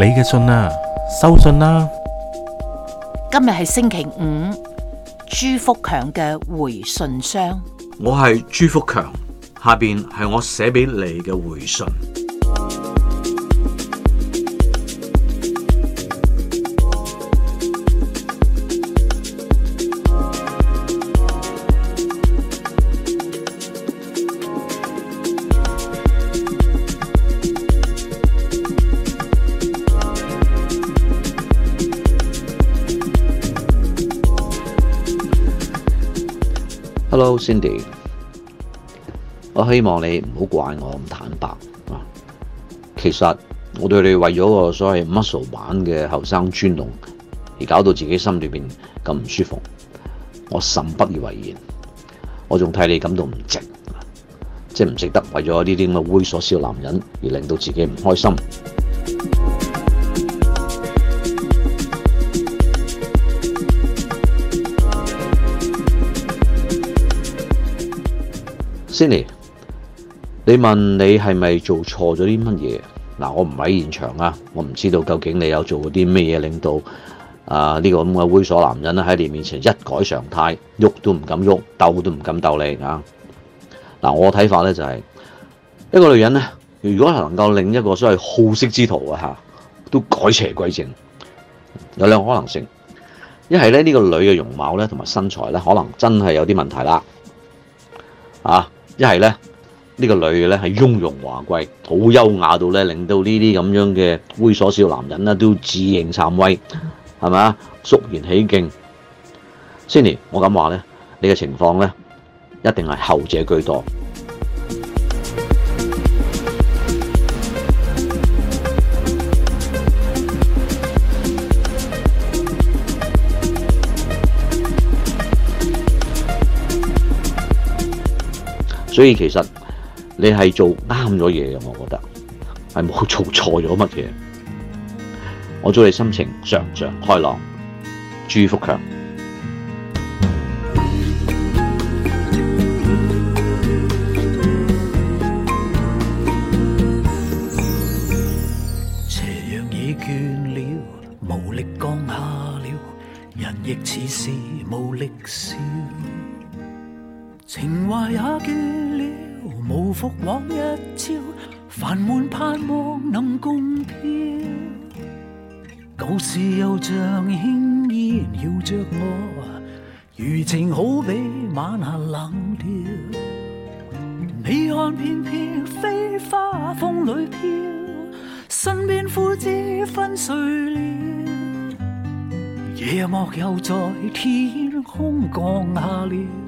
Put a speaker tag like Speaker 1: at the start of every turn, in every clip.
Speaker 1: 你嘅信啊，收信啦，
Speaker 2: 啊！今日係星期五，朱福強嘅回信箱。
Speaker 1: 我係朱福強，下面係我寫俾你嘅回信。Hello Cindy，我希望你唔好怪我咁坦白啊！其實我對你為咗個所謂 muscle 玩，嘅後生專弄而搞到自己心裏邊咁唔舒服，我甚不以為然。我仲替你感到唔值，即係唔值得為咗呢啲咁嘅猥瑣小男人而令到自己唔開心。Cindy，你問你係咪做錯咗啲乜嘢？嗱，我唔喺現場啊，我唔知道究竟你有做過啲咩嘢，令到啊呢個咁嘅猥瑣男人喺你面前一改常態，喐都唔敢喐，鬥都唔敢鬥你啊！嗱，我睇法咧就係一個女人咧，如果係能夠令一個所謂好色之徒啊嚇都改邪歸正，有兩個可能性，一係咧呢個女嘅容貌咧同埋身材咧，可能真係有啲問題啦，啊！一係咧，呢個女嘅咧係雍容華貴，好優雅到咧，令到呢啲咁樣嘅猥瑣小男人啦，都自認慚愧，係咪啊？肅然起敬。Senior，我咁話咧，你嘅情況咧，一定係後者居多。所以其實你係做啱咗嘢嘅，我覺得係冇做錯咗乜嘢。我祝你心情常常開朗，朱福強。
Speaker 2: 斜陽已倦了，無力降下了，人亦似是無力笑。情懷也倦了，無復往日俏，煩悶盼望能共飄。舊事又像輕煙繞着我，餘情好比晚霞冷掉。你看片片飛花風裏飄，身邊枯枝紛碎了，夜幕又在天空降下了。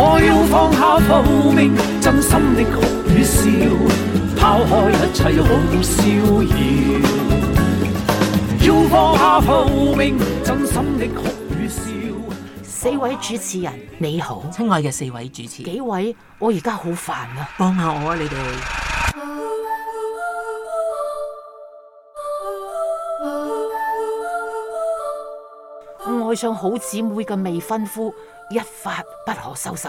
Speaker 2: 我要放下浮名，真心的哭與笑，拋開一切好逍遙。要放下浮名，真心的哭與笑。四位主持人，你好，親愛嘅四位主持，幾位？我而家好煩啊，幫下我啊，你哋。愛上好姊妹嘅未婚夫，一發不可收拾。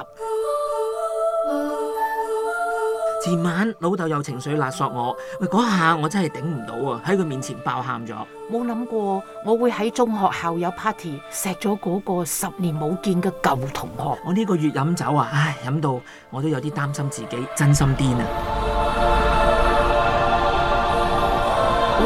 Speaker 1: 前晚老豆有情緒勒索我，喂嗰下我真係頂唔到啊！喺佢面前爆喊咗，
Speaker 2: 冇諗過我會喺中學校友 party，錫咗嗰個十年冇見嘅舊同學。我呢個月飲酒啊，唉，飲到我都有啲擔心自己，
Speaker 1: 真心癲啊！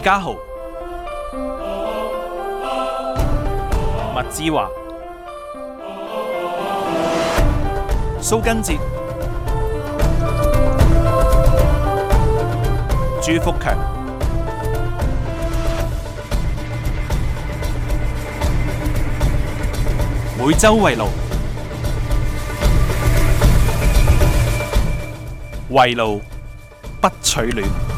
Speaker 1: 李家豪、麥志華、蘇根哲、朱福強，每周為路，為路不取暖。